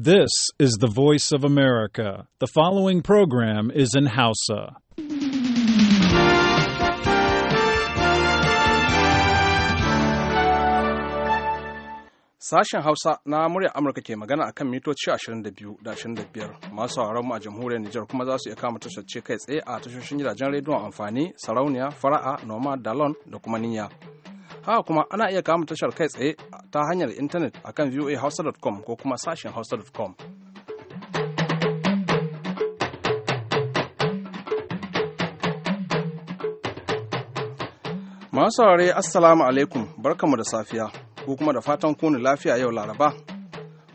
This is the voice of America. The following program is in Hausa. Sashen Hausa na murya Amurka ke magana a kan mitoci 22 da 25 masu sauraron mu a jamhuriyar Nijar kuma za su iya kama tashar kai tsaye a tashoshin gidajen rediyon amfani, sarauniya, fara'a, noma, dalon da kuma niyya. haka kuma ana iya kama tashar kai tsaye ta hanyar intanet akan voahouse.com ko kuma sashen hausa.com masu saurari assalamu alaikum barkamu da safiya ko kuma da fatan kuni lafiya yau laraba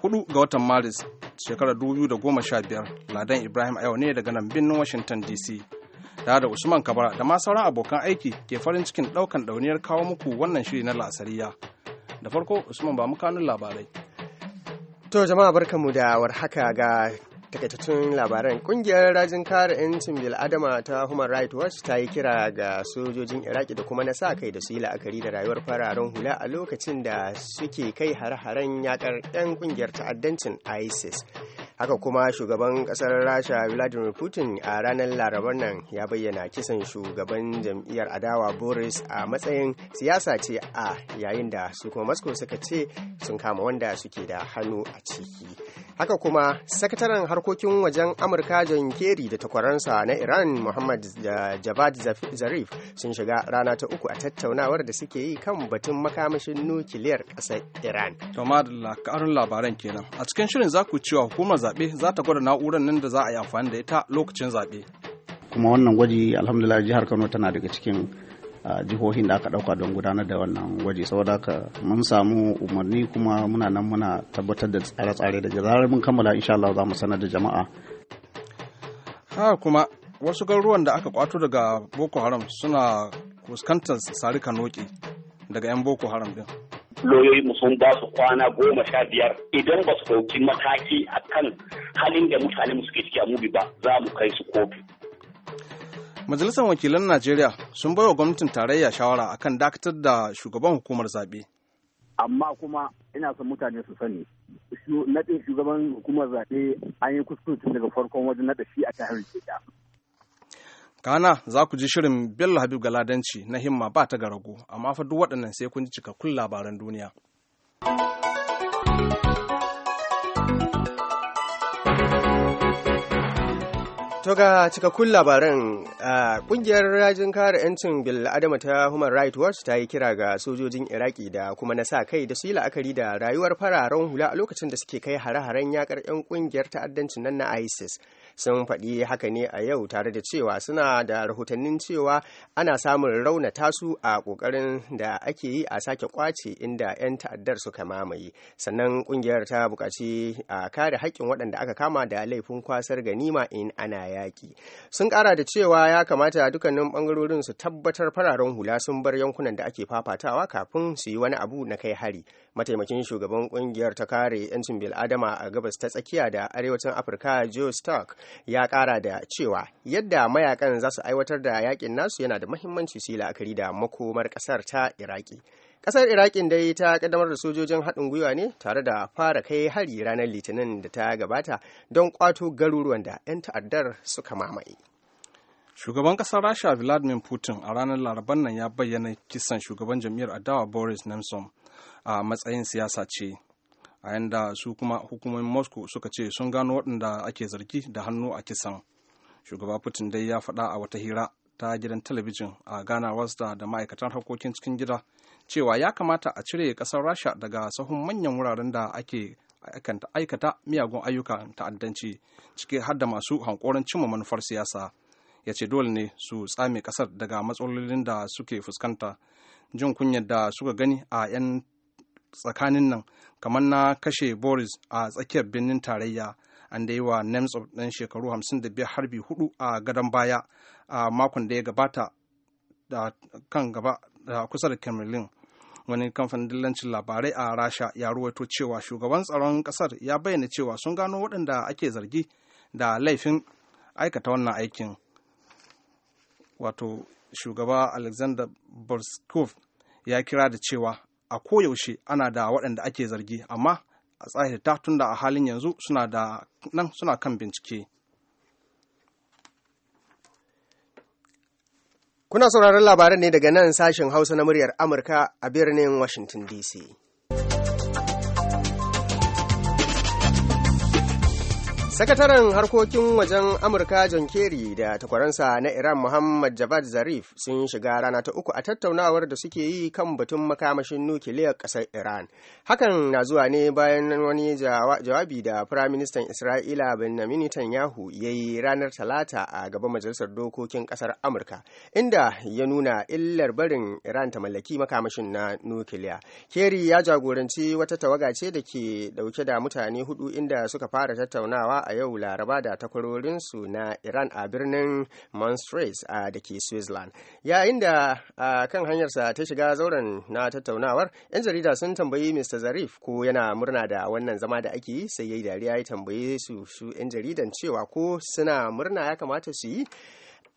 4 ga watan maris shekarar 2015 ladan ibrahim a yau ne daga nan birnin washington dc da da Usman Kabara da ma sauran abokan aiki ke farin cikin daukan dauniyar kawo muku wannan shiri na la'asariya. Da farko Usman ba mu kano labarai. To jama'a barkamu da warhaka ga takaitattun labaran kungiyar rajin kare 'yancin bil'adama ta human rights watch ta yi kira ga sojojin iraki da kuma na sa kai da su yi la'akari da rayuwar fararen hula a lokacin da suke kai har-haren yakar 'yan kungiyar ta'addancin isis haka kuma shugaban kasar rasha vladimir putin a ranar larabar nan ya bayyana kisan shugaban jam'iyyar adawa boris a matsayin siyasa ce a yayin da su kuma moscow suka ce sun kama wanda suke da hannu a ciki haka kuma sakataren harkokin wajen amurka john kerry da takwaransa na iran muhammad javad zarif sun shiga rana ta uku a tattaunawar da suke yi kan batun makamashin nukiliyar ƙasar iran to labaran kenan a cikin shirin za ku cewa hukumar zaɓe za ta gwada na'urar nan da za a yi amfani da ita lokacin zaɓe. kuma wannan gwaji alhamdulillah jihar kano tana daga cikin jihohin da aka ɗauka don gudanar da wannan gwaji saboda haka mun samu umarni kuma muna nan muna tabbatar da tsare-tsare da zarar mun kammala insha Allah za mu sanar da jama'a Ha kuma wasu garuruwan da aka kwato daga boko haram suna fuskantar sarika noki daga 'yan boko haram din mu sun ba su kwana goma sha biyar idan ba su ɗauki mataki kan halin da mutane suke ciki a mubi ba za mu kai su kofi. Majalisar Wakilan Najeriya sun bai wa gwamnatin tarayya shawara akan dakatar da shugaban hukumar zaɓe. Amma kuma ina son mutane su sani, naɗin shugaban hukumar zaɓe an yi kuskure tun daga farkon wajen naɗa shi a tahar Jeda. Kana za ku ji shirin Bello Habib Galadanci na himma ba ta garago, amma fa duk waɗannan sai kun ji cikakkun labaran duniya. To ga cikakkun labaran kungiyar rajin kare 'yancin bil'adama ta Human Rights Watch ta yi kira ga sojojin Iraki da kuma na sa kai da su yi la'akari da rayuwar fararen hula a lokacin da suke kai hare-haren yakar 'yan kungiyar ta'addancin nan na ISIS. sun faɗi haka ne a yau tare da cewa suna da rahotannin cewa ana samun raunata su a ƙoƙarin da ake yi a sake ƙwace inda 'yan ta'addar suka mamaye sannan ƙungiyar ta buƙaci a kare haƙƙin waɗanda aka kama da laifin kwasar ganima in ana yaƙi sun ƙara da cewa ya kamata dukkanin ɓangarorin su tabbatar fararen hula sun bar yankunan da ake fafatawa kafin su yi wani abu na kai hari mataimakin shugaban ƙungiyar ta kare 'yancin bil'adama a gabas ta tsakiya da arewacin afirka joe stark ya kara da cewa yadda mayakan za su aiwatar da yakin nasu yana da mahimmanci su yi la'akari da makomar kasar ta iraki kasar irakin dai ta kaddamar da sojojin haɗin gwiwa ne tare da fara kai hari ranar litinin da ta gabata don kwato garuruwan da 'yan ta'addar suka mamaye shugaban kasar rasha vladimir putin a ranar laraban nan ya bayyana kisan shugaban jam'iyyar adawa boris nemtsov a matsayin siyasa ce a yanda su kuma hukumomin moscow suka ce sun gano waɗanda ake zargi da hannu a kisan shugaba putin dai ya faɗa a wata hira ta gidan talabijin a ghana wasda da ma'aikatan harkokin cikin gida cewa ya kamata a cire ƙasar rasha daga sahun manyan wuraren da ake aikata miyagun ayyukan ta'addanci ciki har da masu hankoron cimma manufar siyasa ya ce dole ne su tsame ƙasar daga matsalolin da suke fuskanta jin kunyar da suka gani a 'yan tsakanin nan kamar na kashe boris a tsakiyar birnin tarayya an da yi wa of ɗan shekaru 55 harbi hudu a gadon baya a makon da ya gabata da kan gaba da kusa da kremlin wani kamfanin dillancin labarai a rasha ya ruwaito cewa shugaban tsaron kasar ya bayyana cewa sun gano waɗanda ake zargi da laifin aikata wannan aikin wato shugaba alexander borskov ya kira da cewa a koyaushe ana da waɗanda ake zargi amma a tsahirta ta tunda a halin yanzu suna da nan suna kan bincike kuna sauraron labaran ne daga nan sashen hausa na muryar amurka a birnin washington dc Sakataren harkokin wajen Amurka John Kerry da takwaransa na Iran Muhammad Javad Zarif sun shiga rana ta uku a tattaunawar da suke yi kan batun makamashin nukiliyar ƙasar Iran. Hakan na zuwa ne bayan wani jawabi da Firaministan Isra'ila Benjamin Netanyahu ya yi ranar Talata a gaban Majalisar Dokokin ƙasar Amurka, inda ya nuna illar barin Iran ta mallaki makamashin na nukiliya. Kerry ya jagoranci wata tawaga ce da ke dauke da mutane hudu inda suka fara tattaunawa a yau laraba da takwarorinsu na iran a birnin montreux a da ke switzerland yayin da a kan hanyarsa ta shiga zauren na tattaunawar 'yan jarida sun tambayi mr zarif ko yana murna da wannan zama da ake yi sai ya yi dariya ya tambaye su su 'yan jaridan cewa ko suna murna ya kamata su yi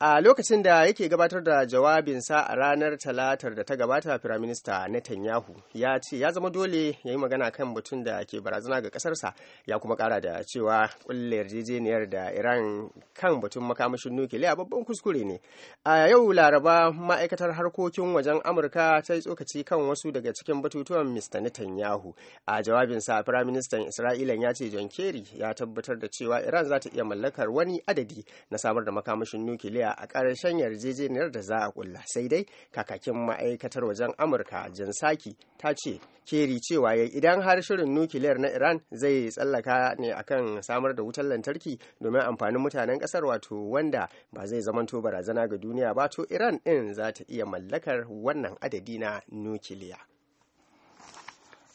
a lokacin da yake gabatar da jawabinsa a ranar talatar da ta gabata firaminista netanyahu ya ce ya zama dole ya yi magana kan batun da ke barazana ga kasarsa ya kuma kara da cewa kulle yarjejeniyar da iran kan batun makamashin nukiliya babban kuskure ne a yau laraba ma'aikatar harkokin wajen amurka ta yi tsokaci kan wasu daga cikin batutuwan mr netanyahu a jawabinsa firaministan isra'ila ya ce john kerry ya tabbatar da cewa iran za ta iya mallakar wani adadi na samar da makamashin nukiliya a ƙarshen yarjejeniyar da za a kulla sai dai kakakin ma'aikatar wajen amurka jin saki ta ce keri cewa ya idan har shirin nukiliyar na iran zai tsallaka ne akan samar da wutar lantarki domin amfanin mutanen ƙasar wato wanda ba zai zamanto barazana ga duniya ba to iran din za ta iya mallakar wannan adadi na nukiliya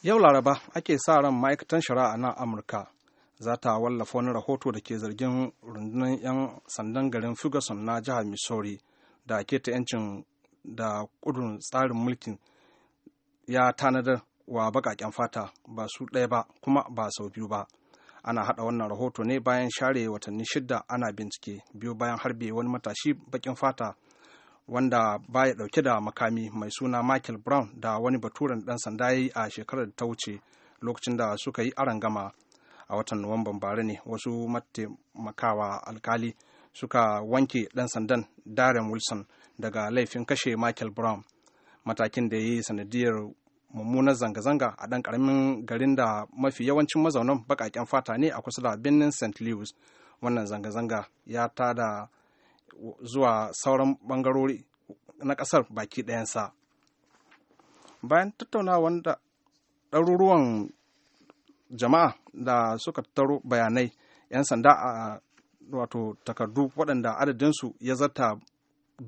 yau laraba ake sa ran ma'aikatan shari'a na amurka za ta wallafa wani rahoto da ke zargin rundunar 'yan sandan garin ferguson na jihar missouri da ta 'yancin da kudin tsarin mulkin ya tanadar wa bakaken fata ba su ɗaya ba kuma ba sau biyu ba ana haɗa wannan rahoto ne bayan share watanni shidda ana bincike biyu bayan harbe wani matashi bakin fata wanda baya ɗauke da makami mai suna michael brown da wani baturen ɗan sanda ya yi a shekarar da ta wuce lokacin da suka yi arangama gama a watan nuwamban bara ne wasu mataimakawa alkali suka wanke dan sandan darren wilson daga laifin kashe michael brown matakin da ya yi sanadiyar mummunar zanga-zanga a dan karamin garin da mafi yawancin mazaunan baƙaƙen fata ne a kusa da birnin st louis wannan zanga-zanga ya ta da zuwa sauran ɓangarori na ƙasar baki ɗayansa bayan tattaunawa da ɗaruruwan jama'a da suka taro bayanai 'yan sanda a wato takardu waɗanda adadinsu ya zarta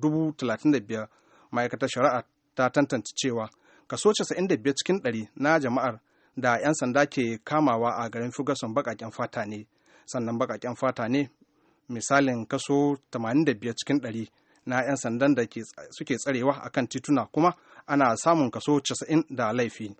dubu talatin da biyar ma'aikatar shari'a ta tantance cewa kaso casa'in da biyar cikin ɗari na jama'ar da 'yan sanda ke kamawa a garin Ferguson baƙaƙen fata ne sannan baƙaƙen fata ne misalin kaso 85 cikin ɗari na 'yan sandan da suke tsarewa akan tituna kuma ana samun kaso 90 da laifi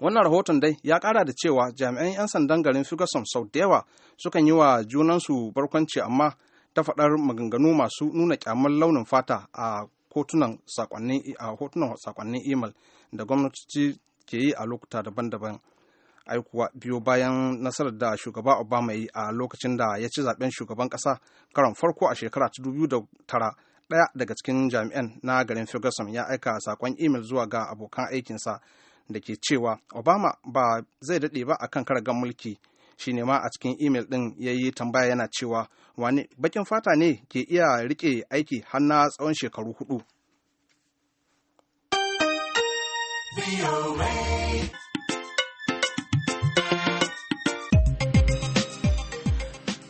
wannan rahoton dai ya kara da cewa jami'an 'yan sandan garin ferguson sau da yawa sukan yi wa junansu barkwanci amma ta faɗar maganganu masu nuna kyamar launin fata a hotunan sakonnin imel da gwamnati ke yi a lokuta daban-daban aikuwa biyo bayan nasarar da shugaba obama yi a lokacin da ya ci zaben shugaban kasa karon farko a shekara ta tara ɗaya daga cikin jami'an na garin ferguson ya aika sakon imel zuwa ga abokan aikinsa da ke cewa obama ba zai daɗe ba a kan karagan mulki shi ne ma a cikin imel ɗin ya yi tambaya yana cewa wani bakin fata ne ke iya riƙe aiki har na tsawon shekaru hudu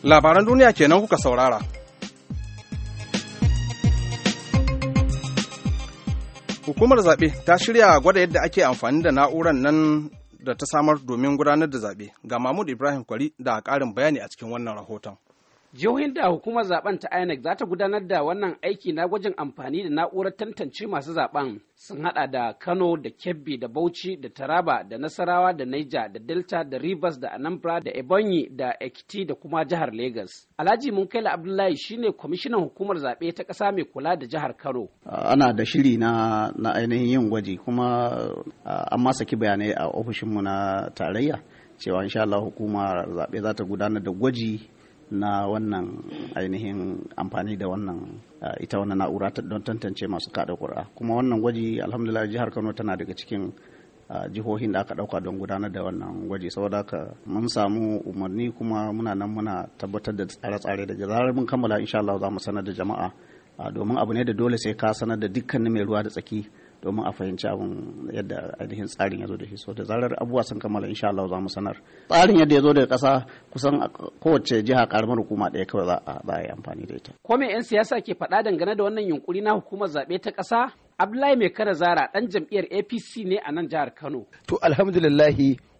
labaran duniya kenan kuka saurara Hukumar zaɓe ta shirya gwada yadda ake amfani da na'urar nan da ta samar domin gudanar da zaɓe ga Mahmud Ibrahim Kwari da ƙarin bayani a cikin wannan rahoton. jihohin da hukumar zaben ta inec za ta gudanar da wannan aiki na gwajin amfani da na'urar tantance masu zaben sun hada da kano da kebbi da bauchi da taraba da nasarawa da Niger da delta da rivers da anambra da ebonyi da ekiti da kuma jihar lagos alhaji munkaila abdullahi shine kwamishinan hukumar zaɓe ta ƙasa mai kula da jihar kano ana da shiri na, na ainihin yin gwaji kuma an ma saki bayanai a ofishinmu na tarayya cewa insha Allah hukumar zaɓe za ta gudanar da gwaji na wannan ainihin amfani da wannan ah, ita wannan na'ura don tantance masu kada ƙura kuma wannan gwaji alhamdulillah jihar kano tana daga cikin ah, jihohin da aka dauka don gudanar da wannan gwaji saboda haka mun samu umarni kuma muna nan muna tabbatar da tsare-tsare da zarar mun kammala insha Allah za mu sanar da jama'a ah, domin abu ne da dole sai ka sanar da dukkanin mai ruwa da tsaki domin a fahimci abin yadda ainihin tsarin ya zo da shi so da zarar abubuwa sun kammala insha Allah za mu sanar tsarin yadda ya zo daga kasa kusan kowace jiha karamar hukuma ɗaya kawai za a yi amfani da ita ko me yan siyasa ke faɗa dangane da wannan yunkuri na hukumar zaɓe ta ƙasa Abdullahi Mai Kara Zara ɗan jam'iyyar APC ne a nan jihar Kano to alhamdulillah.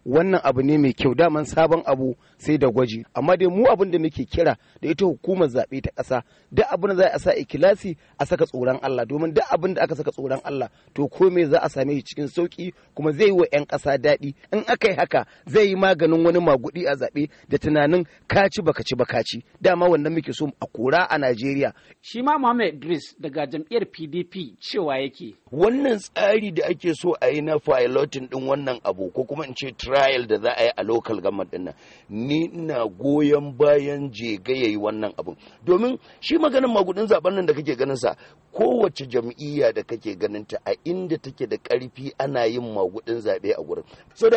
wannan abu ne mai kyau daman sabon abu sai da gwaji amma dai mu abin da muke kira da ita hukumar zaɓe ta ƙasa duk abin da za a sa ikilasi a saka tsoron Allah domin da abin da aka saka tsoron Allah to komai za a same shi cikin sauki kuma zai yi wa 'yan ƙasa daɗi in aka yi haka zai yi maganin wani maguɗi a zaɓe da tunanin kaci baka ci baka ci dama wannan muke so a kora a Najeriya. Shi ma Muhammad Idris daga jam'iyyar PDP cewa yake. Wannan tsari da ake so a yi na filotin ɗin wannan abu ko kuma in ce trial da za a yi a local government din nan ni ina goyon bayan jega yayi wannan abun. domin shi maganin magudin zaben nan da kake ganin sa kowace jam'iyya da kake ganin ta a inda take da karfi ana yin magudin zabe a gurin so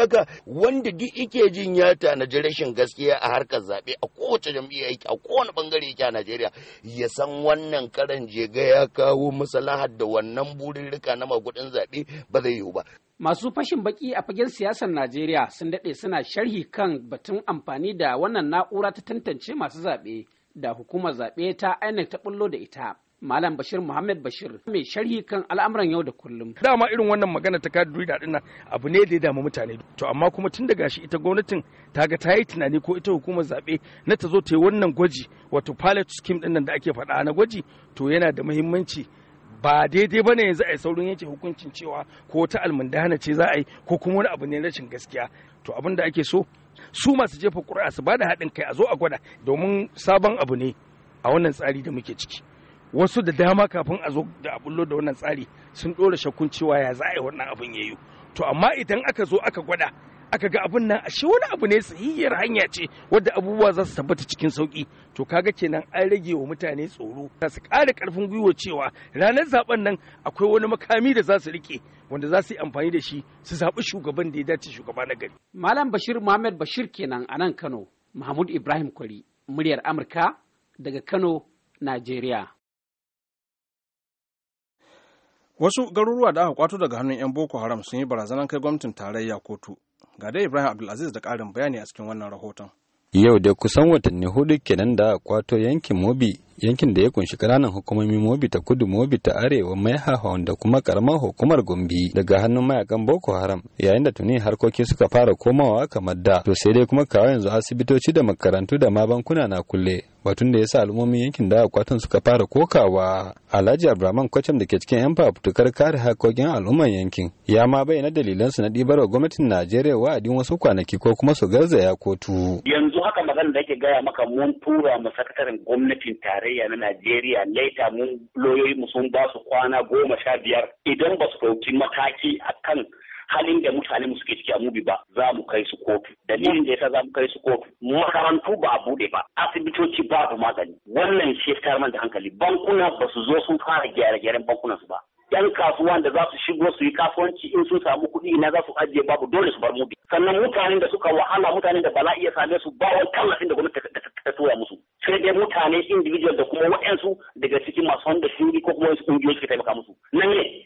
wanda duk yake jin ya tanaji rashin gaskiya a harkar zabe a kowace jam'iyya yake a kowane bangare yake a Najeriya ya san wannan karan jega ya kawo masalahar da wannan burin rika na magudin zabe ba zai yiwu ba Masu fashin baki a fagen siyasar Najeriya sun daɗe suna sharhi kan batun amfani da wannan na'ura ta tantance masu zaɓe da hukumar zaɓe ta INEC ta bullo da ita. Malam Bashir Muhammad Bashir mai sharhi kan al'amuran yau da kullum. Dama irin wannan magana ta kadu da abu ne da ya dama mutane. To amma kuma tun da gashi ita gwamnatin ta ga ta yi tunani ko ita hukumar zaɓe na ta zo ta yi wannan gwaji wato pilot scheme ɗin da ake faɗa na gwaji to yana da muhimmanci ba daidai bane yanzu a yi saurin yanke hukuncin cewa ko ta almundana ce za a yi ko kuma wani abu ne rashin gaskiya to abin da ake so su masu jefa ƙuri'a su bada haɗin kai a zo a gwada domin sabon abu ne a wannan tsari da muke ciki wasu da dama kafin a zo da a bullo da wannan tsari sun ɗora shakkun cewa ya za a yi wannan abin yi. to amma idan aka zo aka gwada aka ga abin nan ashe wani abu ne sahihiyar hanya ce wadda abubuwa za su tabbata cikin sauki to kaga kenan an rage wa mutane tsoro za su ƙara ƙarfin gwiwa cewa ranar zaben nan akwai wani makami da za su rike wanda za su yi amfani da shi su zaɓi shugaban da ya dace shugaba na gari. Malam Bashir Muhammad Bashir kenan a nan Kano, Mahmud Ibrahim Kwari, muryar Amurka daga Kano, Najeriya. Wasu garuruwa da aka kwato daga hannun 'yan Boko Haram sun yi barazanar kai gwamnatin tarayya kotu Ga dai Ibrahim Abdulaziz da karin bayani a cikin wannan rahoton. Yau da kusan watanni hudu kenan da kwato yankin Mobi, yankin da ya kunshi ƙananan hukumomi Mobi ta kudu Mobi ta arewa mai hahon da kuma karamar hukumar Gombe daga hannun mayakan Boko Haram yayin da tuni harkoki suka fara komawa kamar da to sai dai kuma kawo yanzu asibitoci da makarantu da ma bankuna na kulle batun da ya sa al'ummomin yankin da kwaton suka fara kokawa alhaji abraman kwacham da ke cikin yan fafutukar kare hakokin al'umman yankin ya ma bayyana dalilan su na ɗibarwa gwamnatin najeriya wa'adin wasu kwanaki ko kuma su garzaya kotu yanzu haka magana da ake gaya maka mun tura mu sakataren gwamnatin tarayya na najeriya laita mun loyoyi mu sun ba su kwana goma sha biyar idan ba su ɗauki mataki akan halin da mutane mu suke ciki a mubi ba za mu kai su kotu dalilin da yasa za mu kai su kotu makarantu ba a bude ba asibitoci ba babu magani wannan shi ya da hankali bankuna ba su zo sun fara gyare-gyaren bankunan su ba yan kasuwan da za su shigo su yi kasuwanci in sun samu kuɗi ina za su ajiye babu dole su bar mubi sannan mutanen da suka wahala mutanen da bala iya same su ba wani tallafin da gwamnati ta tura musu sai dai mutane individual da kuma waɗansu daga cikin masu wanda shuri ko kuma wasu ƙungiyoyi suka taimaka musu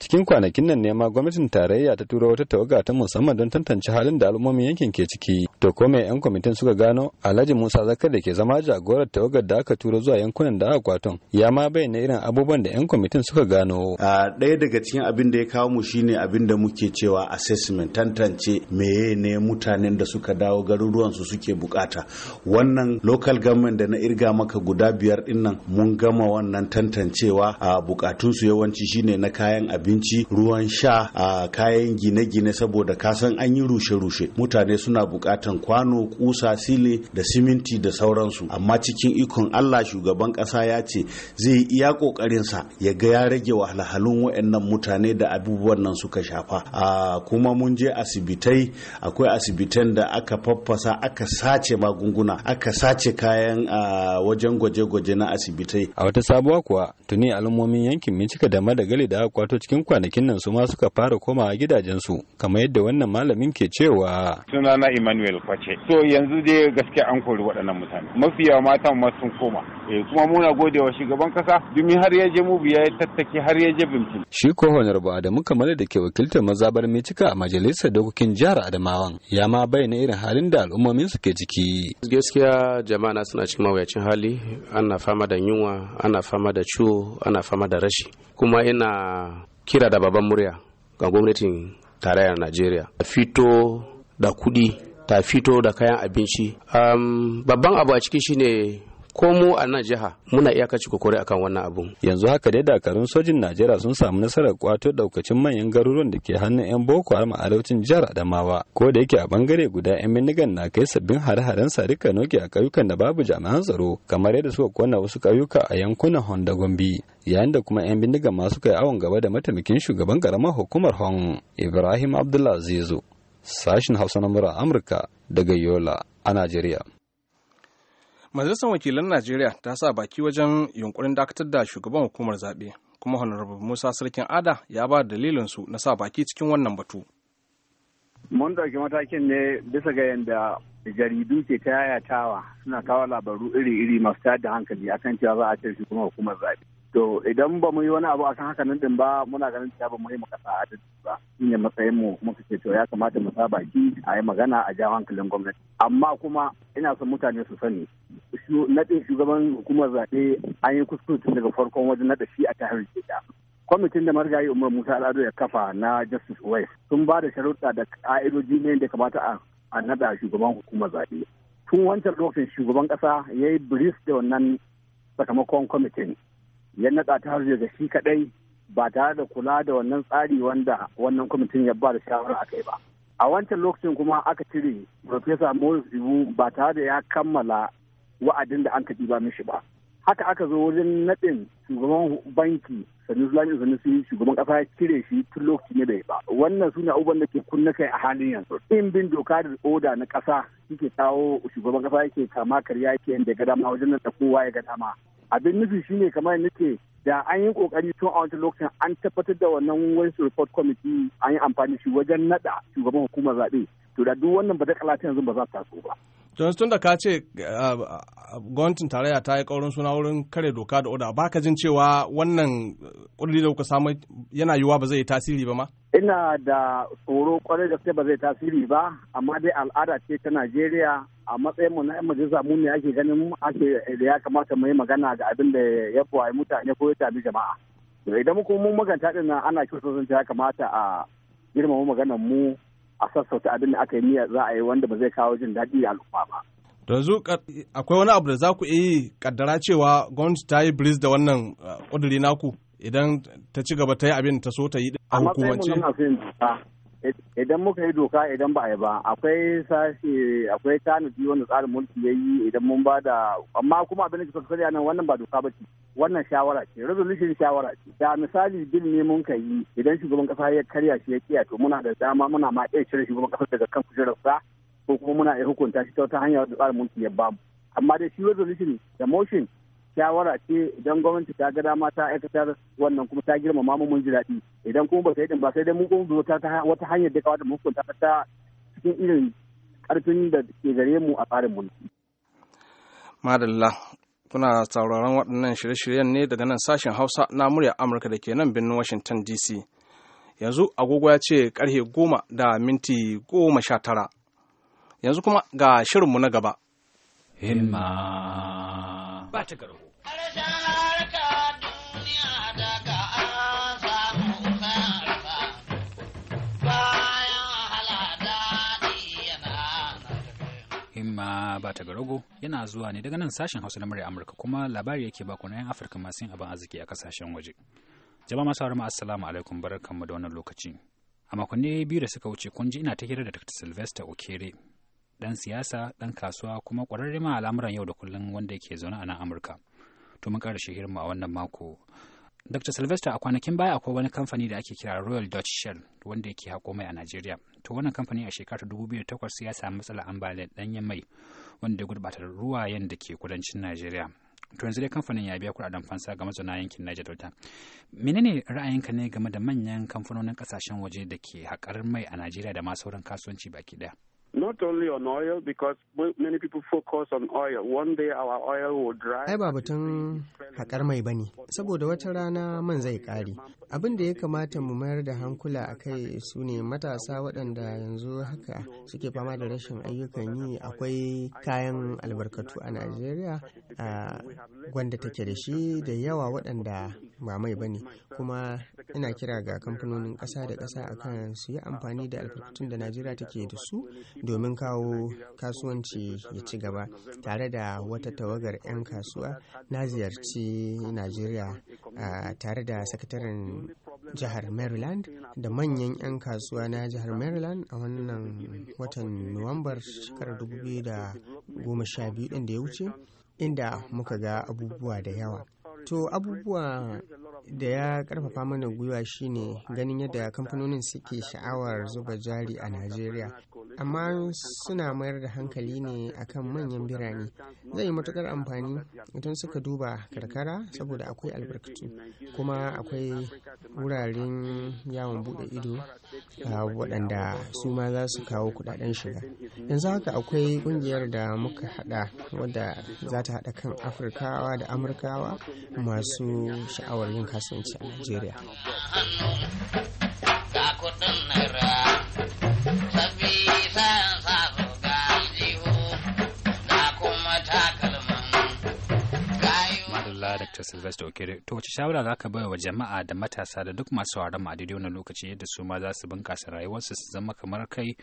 cikin kwanakin nan ne ma gwamnatin tarayya ta turo wata tawaga ta musamman don tantance halin da al'ummomin yankin ke ciki to ko me yan kwamitin suka gano alhaji musa zakar da ke zama jagorar tawagar da aka tura zuwa yankunan da aka kwaton ya ma bayyana irin abubuwan da yan kwamitin suka gano a ɗaya daga cikin abin da ya kawo mu shine abin da muke cewa assessment tantance meye ne mutanen da suka dawo garuruwan su suke bukata wannan local government da na irga maka guda biyar dinnan mun gama wannan tantancewa a bukatun su yawanci shine na kayan abinci ruwan sha a kayan gine-gine saboda kasan an yi rushe-rushe mutane suna bukatan Kan kwano kusa sile da siminti da sauransu amma cikin ikon allah shugaban kasa ya ce zai iya kokarinsa ya ga ya rage wahalhalun waɗannan mutane da abubuwan nan suka shafa a kuma mun je asibitai akwai asibitan da aka faffasa aka sace magunguna aka sace kayan a wajen gwaje-gwaje na asibitai a wata sabuwa kuwa tuni al'ummomin yankin cika da madagali da aka kwato cikin kwanakin nan su ma suka fara komawa gidajensu kamar yadda wannan malamin ke cewa sunana emmanuel kwace to yanzu dai gaskiya an kori waɗannan mutane mafi yawa mata ma sun koma eh kuma muna gode wa shugaban kasa domin har ya je mu biya ya tattake har ya je bimtin shi ko da muka Kamal da ke wakiltar mazabar Mecika a majalisar dokokin jihar Adamawan ya ma bayyana irin halin da al'ummomin su ke ciki gaskiya jama'a na suna cikin mawuyacin hali ana fama da yunwa ana fama da ciwo ana fama da rashi kuma ina kira da baban murya ga gwamnatin tarayyar najeriya fito da kuɗi ta fito da kayan abinci babban abu a ciki shine ko mu a nan jiha muna iyakaci kokore akan wannan abu. yanzu haka dai dakarun sojin najeriya sun samu nasarar kwato daukacin manyan garuruwan da ke hannun yan boko haram a jihar adamawa ko da yake a bangare guda yan bindigan na kai sabbin hare-haren sarika noki a ƙauyukan da babu jami'an tsaro kamar yadda suka kona wasu ƙauyuka a yankunan honda gombe yayin da kuma yan bindigan masu kai awon gaba da mataimakin shugaban karamar hukumar hon ibrahim abdullah zizo Sashen hausa na mura amurka daga yola a najeriya majalisar wakilan najeriya ta sa baki wajen yunkurin dakatar da shugaban hukumar zaɓe kuma honorable musa sarkin ada ya ba dalilin su na sa baki cikin wannan batu mun ɗauki matakin ne bisa ga yadda jaridu ke ta yayatawa suna kawo labaru iri-iri masu da hankali akan cewa za a cire shugaban hukumar zaɓe to idan ba mu yi wani abu a kan haka nan din ba muna ganin cewa ba mu yi makasa adalci ba shi yi matsayin mu muka kace to ya kamata mu sa baki a yi magana a jawo hankalin gwamnati amma kuma ina son mutane su sani naɗin shugaban hukumar zaɓe an yi kuskure daga farkon wajen naɗa shi a tahar da kwamitin da marigayi umar musa al'adu ya kafa na justice west sun ba da sharuɗa da ƙa'idoji ne da kamata a naɗa shugaban hukumar zaɓe tun wancan lokacin shugaban ƙasa ya yi biris da wannan sakamakon kwamitin ya naɗa ta har ga shi kaɗai ba tare da kula da wannan tsari wanda wannan kwamitin ya ba da shawara a kai ba. A wancan lokacin kuma aka cire Profesa Morris Ibu ba tare da ya kammala wa'adin da an kaɗi ba mishi ba. Haka aka zo wajen naɗin shugaban banki Sanusi yi shugaban ƙasa ya cire shi tun lokacin ne da ya ba. Wannan su ne abubuwan da ke kunna kai a halin yanzu. In bin doka da oda na ƙasa yake kawo shugaban ƙasa yake kama karya yake yanda ga dama wajen nan da kowa ya ga dama. abin nufi shine kamar nake da an yi kokari tun a wata lokacin an tabbatar da wannan wani report committee an yi amfani shi wajen nada shugaban hukumar zaɓe to da duk wannan ba da kalata yanzu ba za ta taso ba tunis tun da ka ce gwamnatin tarayya ta yi kaurin suna wurin kare doka da oda ba ka jin cewa wannan kudi da kuka samu yana yiwuwa ba zai yi tasiri ba ma ina da tsoro kwarai da ba zai tasiri ba amma dai al'ada ce ta najeriya a matsayin mu na yan majalisa mu ne ake ganin ake da ya kamata mu yi magana ga abin da ya fuwaye mutane ko ya tabi jama'a idan mu mun maganta din nan ana kyautar sun ya kamata a girmama maganar mu a sassauta abin da aka yi niyyar za a yi wanda ba zai kawo jin daɗi a al'umma ba da yanzu akwai wani abu da za ku yi kaddara cewa gwamnati ta yi bris da wannan uh, ƙuduri naku idan ta ci gaba ta yi abin ta so ta yi a hukumance idan muka yi doka idan ba yi ba akwai sashi akwai tanadi wanda tsarin mulki ya yi idan mun ba da amma kuma abin da ke nan wannan ba doka ba ce wannan shawara ce resolution shawara ce da misali bil ne mun ka yi idan shugaban kasa ya karya shi ya kiya to muna da dama muna ma iya cire shugaban kasa daga kan kujerarsa ko kuma muna iya hukunta shi ta wata hanya da tsarin mulki ya bamu amma dai shi resolution da motion shawara ce idan gwamnati ta ga dama ta aikatar wannan kuma ta girmama mu mun ji idan kuma ba ta yi ba sai dai mun kuma zo ta wata hanyar da ka wata hukunta ta cikin irin karfin da ke gare mu a tsarin mulki. Madalla kuna sauraron waɗannan shirye-shiryen ne daga nan sashen Hausa na murya Amurka da ke nan birnin Washington DC. Yanzu agogo ya ce karhe goma da minti goma sha tara. Yanzu kuma ga shirinmu na gaba. Himma ba garo. Himma ba ta garago yana zuwa ne daga nan sashen Hausa na murya Amurka kuma labari yake ba na 'yan Afirka masu yin abin arziki a kasashen waje. Jama'a masu haramu assalamu alaikum kama da wannan lokaci. A makonni biyu da suka wuce kun ji ina ta hira da Dr. Sylvester Okere dan siyasa, dan kasuwa kuma ƙwararre ma al'amuran yau da kullum wanda yake zaune a nan Amurka. to mun ƙara a wannan mako. Dr. Sylvester a kwanakin baya akwai wani kamfani da ake kira Royal Dutch Shell wanda yake hako mai a Najeriya. To wannan kamfani a shekarar 2008 ya samu matsala ambaliyar ɗanyen mai wanda ya gurɓata ruwayen da ke kudancin Najeriya. To yanzu dai kamfanin ya biya kuɗaɗen fansa ga mazauna yankin Niger Delta. Menene ra'ayinka ne game da manyan kamfanonin ƙasashen waje da ke haƙar mai a Najeriya da ma sauran kasuwanci baki ɗaya? Not only on oil because many people focus on oil. One day our oil will dry. Ai ba batun haƙar mai bane. Saboda wata rana man zai kare Abin da ya kamata mu mayar da hankula a kai su matasa waɗanda yanzu haka suke fama da rashin ayyukan yi akwai kayan albarkatu a Najeriya a gwanda take da shi da yawa waɗanda ba mai ba ne kuma ina kira ga kamfanonin ƙasa da ƙasa akan su yi amfani da albarkatun da najeriya take da su domin kawo kasuwanci ya ci gaba tare da wata tawagar 'yan kasuwa na ziyarci najeriya tare da sakataren jihar maryland da manyan 'yan kasuwa na jihar maryland a wannan watan nuwambar shekarar 2012 din da ya wuce inda muka ga abubuwa da yawa to abubuwa da ya karfafa mana gwiwa shine ganin yadda kamfanonin suke sha'awar zuba jari a najeriya amma suna mayar da hankali ne akan manyan birane zai yi matukar amfani idan suka duba karkara saboda akwai albarkatu kuma akwai wuraren yawon bude ido ah, waɗanda su ma za su kawo kudaden shiga yanzu haka akwai kungiyar da muka hada wadda za ta hada kan afirkawa da amurkawa masu sha'awar yin kasuwanci a Najeriya. Dr. Sylvester Okere, to wace shawara za ka bai wa jama'a da matasa da duk masu sauraron a daidai lokaci yadda su ma za su bunƙasa rayuwarsu su zama kamar kai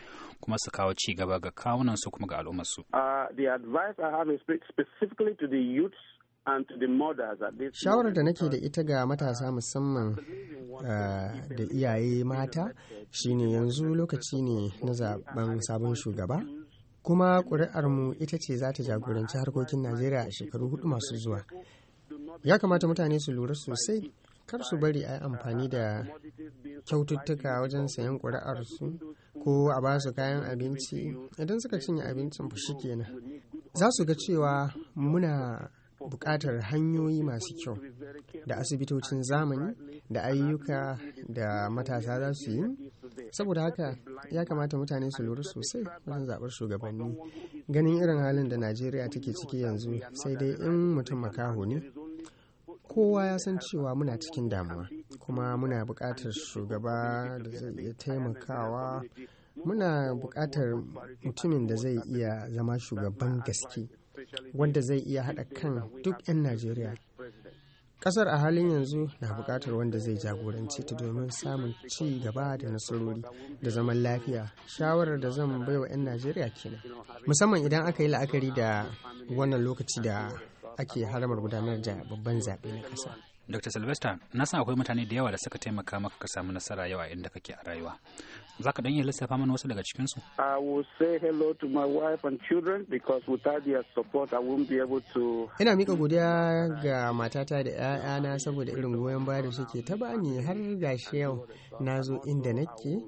kuma su kawo ci gaba ga kawunan su kuma ga al'ummarsu. Uh, the advice I have is specifically to the youths shawarar da nake da ita ga matasa musamman uh, da iyaye mata shine yanzu lokaci ne na zaben sabon shugaba kuma ƙuri'armu ita ce za ta jagoranci harkokin najeriya a shekaru hudu masu zuwa ya kamata mutane su lura sosai kar su bari a yi amfani da kyaututtuka wajen sayan ƙuri'arsu ko a ba su kayan abinci idan suka cinye abincin fushi kenan za su ga cewa muna buƙatar hanyoyi masu kyau da asibitocin zamani da ayyuka da matasa za su yi saboda haka ya kamata mutane su lura sosai wajen zaɓar shugabanni ganin irin halin da najeriya take ciki yanzu sai dai in mutum makaho ne kowa ya san cewa muna cikin damuwa kuma muna buƙatar shugaba da zai iya taimakawa muna buƙatar mutumin da zai iya zama shugaban gaske wanda zai iya haɗa kan duk 'yan Najeriya. Ƙasar a halin yanzu na buƙatar wanda zai jagorance ta domin samun ci gaba da nasarori da zaman lafiya. Shawarar da zan baiwa 'yan Najeriya kenan. Musamman idan aka yi la'akari da wannan lokaci da ake haramar gudanar da babban zaɓe na ƙasa. Dr. Sylvester, na san akwai mutane da yawa da suka taimaka maka ka samu nasara yau a inda kake a rayuwa. Za ka iya lissafa mana wasu daga cikinsu? I will say hello to my wife and children because without their support I won't be able to... Ina mika godiya ga matata da 'ya'yana saboda irin goyon baya da suke ta bani har gashi yau na zo inda nake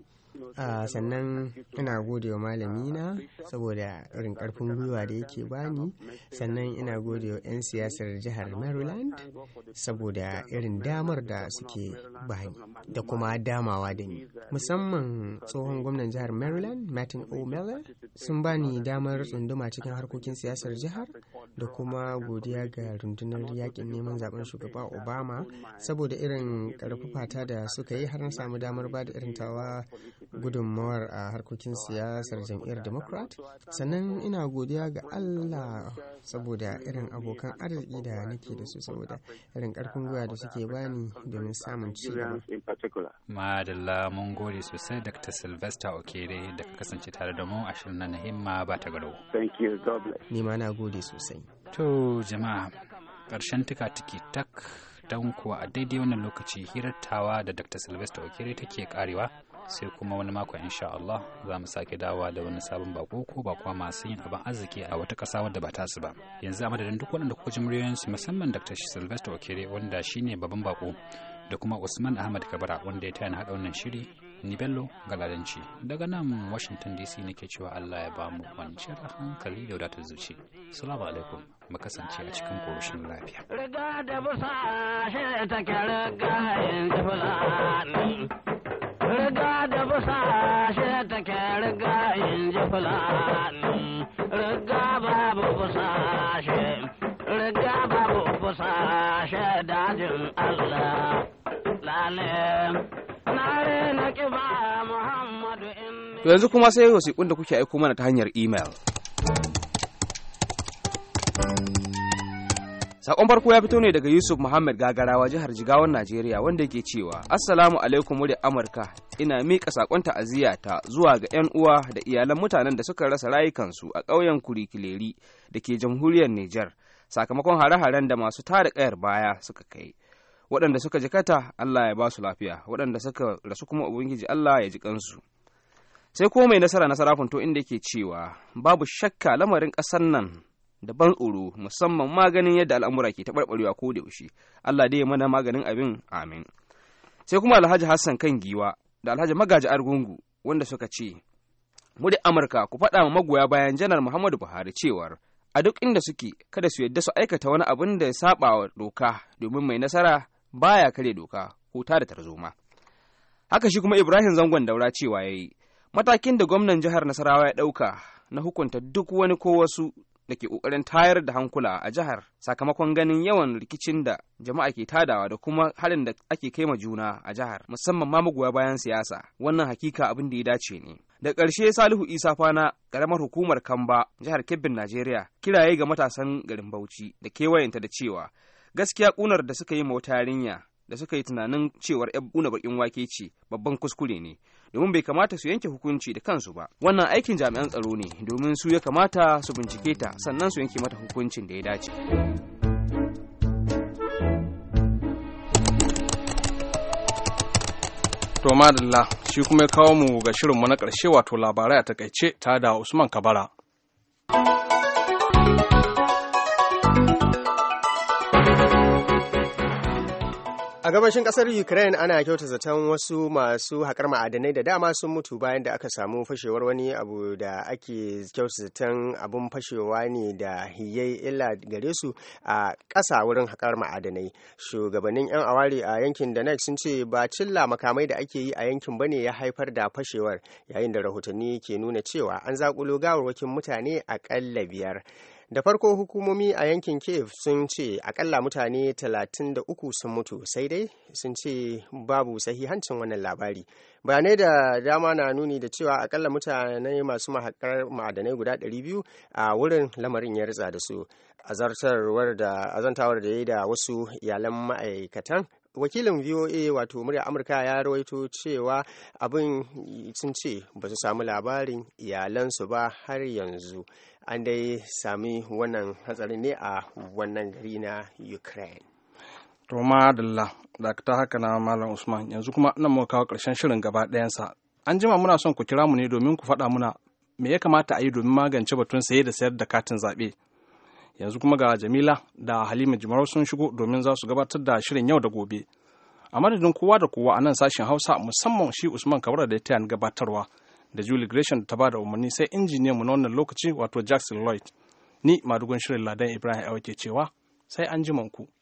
sannan ina gode wa malamina saboda irin karfin gwiwa da yake bani sannan ina gode wa 'yan siyasar jihar maryland saboda irin damar da suke bani da kuma damawa da ni musamman tsohon gwamnan jihar maryland martin o'malley sun bani damar tsunduma cikin harkokin siyasar jihar da kuma godiya ga rundunar yakin neman zaben shugaba obama saboda irin karfafata da suka yi har na samu damar bada da irin tawa gudunmawar a harkokin siyasar jam'iyyar democrat sannan ina godiya ga allah saboda irin abokan arziki da nake da su saboda irin karfin gwiwa da suke bani domin samun ci gaba madalla mun gode sosai dr sylvester okere da ka kasance tare da mu a shirin na himma ba ta garo nima na gode sosai to jama'a karshen tuka tiki tak don kuwa a daidai wannan lokaci hirattawa da dr sylvester okere take karewa sai kuma wani mako insha Allah za mu sake dawa da wani sabon bako ko bakwa masu yin abin arziki a wata ƙasa wadda ba ta su ba yanzu a madadin duk wanda kuka ji muryoyinsu musamman Dr. Sylvester Okere wanda shine babban bako da kuma Usman Ahmad Kabara wanda ya tayana haɗa wannan shiri ni Bello Galadanci daga nan Washington DC nake cewa Allah ya ba mu kwanciyar hankali da wadatar zuci. Salamu alaikum mu kasance a cikin koshin lafiya. Riga da busa shi ta take riga riga da busa shi take riga in ji fulani riga babu busa shi riga babu busa shi dajin Allah lale nare na kiba Muhammadu in To yanzu kuma sai wasiƙun da kuke aiko mana ta hanyar imel. Sakon farko ya fito ne daga Yusuf Muhammad Gagarawa jihar Jigawan Najeriya wanda yake cewa Assalamu alaikum muryar Amurka ina mika sakon ta zuwa ga 'yan uwa da iyalan mutanen da suka rasa rayukansu a ƙauyen Kurikileri da ke jamhuriyar Nijar sakamakon hare-haren da masu tada ƙayar baya suka kai. Waɗanda suka jikata Allah ya ba lafiya, waɗanda suka rasu kuma Ubangiji Allah ya ji kansu. Sai ko mai nasara na to inda yake cewa babu shakka lamarin ƙasar nan da ban tsoro musamman maganin yadda al'amura ke taɓarɓarewa ko da yaushe Allah dai ya mana maganin abin amin sai kuma Alhaji Hassan kan giwa da Alhaji Magaji Argungu wanda suka ce mu da Amurka ku faɗa ma magoya bayan janar Muhammadu Buhari cewar a duk inda suke kada su yadda su aikata wani abin da ya saba wa doka domin mai nasara baya kare doka ko ta da tarzoma haka shi kuma Ibrahim Zangon Daura cewa yayi matakin da gwamnan jihar Nasarawa ya ɗauka na hukunta duk wani ko wasu da ke ƙoƙarin tayar da hankula a jihar sakamakon ganin yawan rikicin da jama'a ke tadawa da kuma halin da ake kai ma juna a jihar musamman ma magoya bayan siyasa wannan hakika abin da ya dace ne da ƙarshe salihu isa fana ƙaramar hukumar kamba jihar kebbin najeriya kiraye ga matasan garin bauchi da kewayenta da cewa gaskiya ƙunar da suka yi ma wata yarinya da suka yi tunanin cewar 'yan ƙuna bakin wake ce babban kuskure ne domin bai kamata su yanke hukunci da kansu ba wannan aikin jami'an tsaro ne domin su ya kamata su bincike ta sannan su yanke mata hukuncin da ya dace To madalla shi kuma ya kawo mu ga shirinmu na ƙarshe wato labarai a takaice ta da Usman Kabara. gabashin kasar Ukraine ana kyauta zaton wasu masu haƙar ma'adanai da dama sun mutu bayan da aka samu fashewar wani abu da ake kyauta zaton abun fashewa ne da hiyayi illa gare su a ƙasa wurin haƙar ma'adanai. Shugabannin 'yan awari a yankin Danek sun ce ba cilla makamai da ake yi a yankin bane ya haifar da fashewar yayin da rahotanni ke nuna cewa an zaƙulo gawarwakin mutane aƙalla biyar. da farko hukumomi a yankin kiev sun ce akalla mutane 33 sun mutu sai dai sun ce babu sahihancin wannan labari bayanai da dama na nuni da cewa akalla mutane masu mahakar ma'adanai guda 200 a wurin lamarin ya ritsa da su azartarwar da azantawar da ya yi da wasu iyalan ma'aikatan wakilin voa wato murya amurka ya rawaito cewa abin sun ce ba su samu labarin iyalansu ba har yanzu an dai sami wannan hatsari ne a wannan gari na ukraine to madalla ta haka na malam usman yanzu kuma nan muka kawo karshen shirin gaba ɗayansa an jima muna son ku kira mu ne domin ku faɗa muna me ya kamata a yi domin magance batun saye da sayar da katin zaɓe yanzu kuma ga jamila da halima jimarau sun shigo domin za su gabatar da shirin yau da gobe a madadin kowa da kowa a nan sashen hausa musamman shi usman kabara da ya gabatarwa da Julie Gresham ta da umarni sai injiniyan mu na wannan lokaci wato Jackson Lloyd. Ni madugun shirin Ladan Ibrahim Awa ke cewa sai an ji manku. ku.